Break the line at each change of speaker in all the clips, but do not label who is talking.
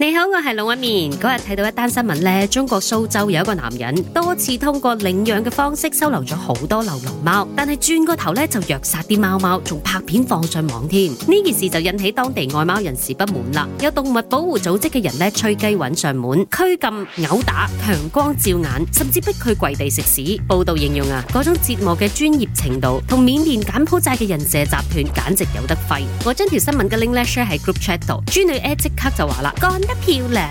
你好，我係龍紋敏。嗰日睇到一單新聞呢，中國蘇州有一個男人多次通過領養嘅方式收留咗好多流浪貓，但係轉個頭呢，就虐殺啲貓貓，仲拍片放上網添。呢件事就引起當地愛貓人士不滿啦。有動物保護組織嘅人呢，吹雞揾上門，拘禁、毆打、強光照眼，甚至逼佢跪地食屎。報道形容啊，嗰種折磨嘅專業程度，同緬甸柬埔寨嘅人蛇集團簡直有得揮。我將條新聞嘅 link 咧 share 喺 group chat 度，朱女 A 即刻就話啦，得漂亮，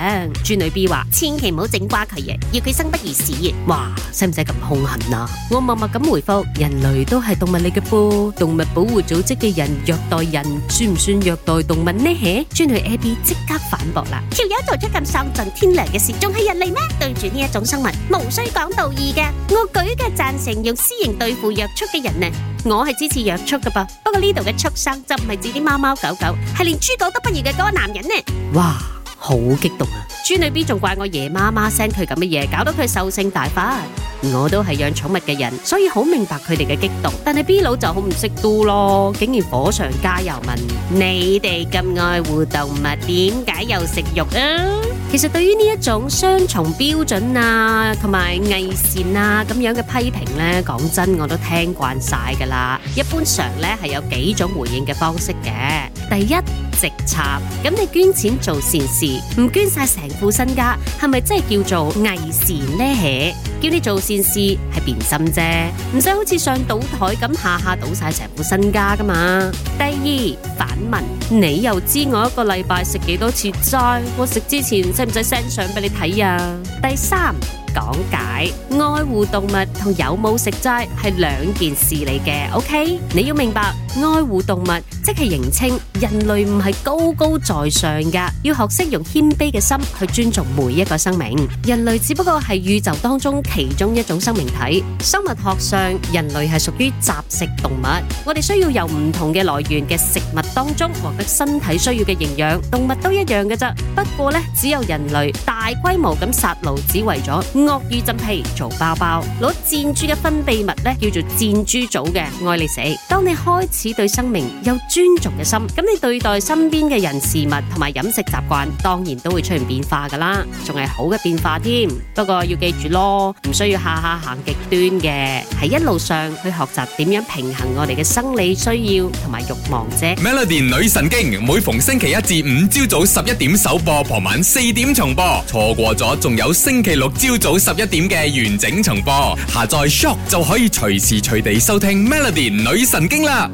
豬女 B 話：千祈唔好整瓜佢嘅。要佢生不如死嘅。哇，使唔使咁凶狠啊？我默默咁回覆：人類都係動物嚟嘅噃。動物保護組織嘅人虐待人，算唔算虐待動物呢？嘿，豬女 A B 即刻反駁啦：條友做出咁喪盡天良嘅事，仲係人嚟咩？對住呢一種生物，無需講道義嘅。我舉嘅贊成用私刑對付虐畜嘅人呢？我係支持虐畜㗎噃。不過呢度嘅畜生就唔係指啲貓貓狗狗，係連豬狗都不如嘅嗰個男人呢？哇！好激動啊！豬女 B 仲怪我夜媽媽聲佢咁嘅嘢，搞到佢獸性大發。我都係養寵物嘅人，所以好明白佢哋嘅激動。但係 B 佬就好唔識 do 咯，竟然火上加油問：你哋咁愛護動物，點解又食肉啊？其實對於呢一種雙重標準啊，同埋偽善啊咁樣嘅批評呢，講真我都聽慣晒噶啦。一般常呢係有幾種回應嘅方式嘅。第一直。咁你捐錢做善事，唔捐晒成副身家，係咪真係叫做偽善呢？叫你做善事係變心啫，唔使好似上賭台咁下下賭晒成副身家噶嘛。第二反問，你又知我一個禮拜食幾多次齋？我食之前使唔使 send 相俾你睇啊？第三講解愛護動物同有冇食齋係兩件事嚟嘅，OK？你要明白愛護動物即係認清。人類唔係高高在上噶，要學識用謙卑嘅心去尊重每一個生命。人類只不過係宇宙當中其中一種生命體。生物學上，人類係屬於雜食動物，我哋需要由唔同嘅來源嘅食物當中獲得身體需要嘅營養。動物都一樣嘅啫，不過呢，只有人類大規模咁殺戮，只為咗鱷魚浸皮做包包，攞箭豬嘅分泌物呢，叫做箭豬棗嘅，愛你死。當你開始對生命有尊重嘅心，你對待身邊嘅人事物同埋飲食習慣，當然都會出現變化噶啦，仲係好嘅變化添。不過要記住咯，唔需要下下行極端嘅，喺一路上去學習點樣平衡我哋嘅生理需要同埋欲望啫。Melody 女神經，每逢星期一至五朝早十一點首播，傍晚四點重播，錯過咗仲有星期六朝早十一點嘅完整重播。下載 Shock 就可以隨時隨地收聽 Melody 女神經啦。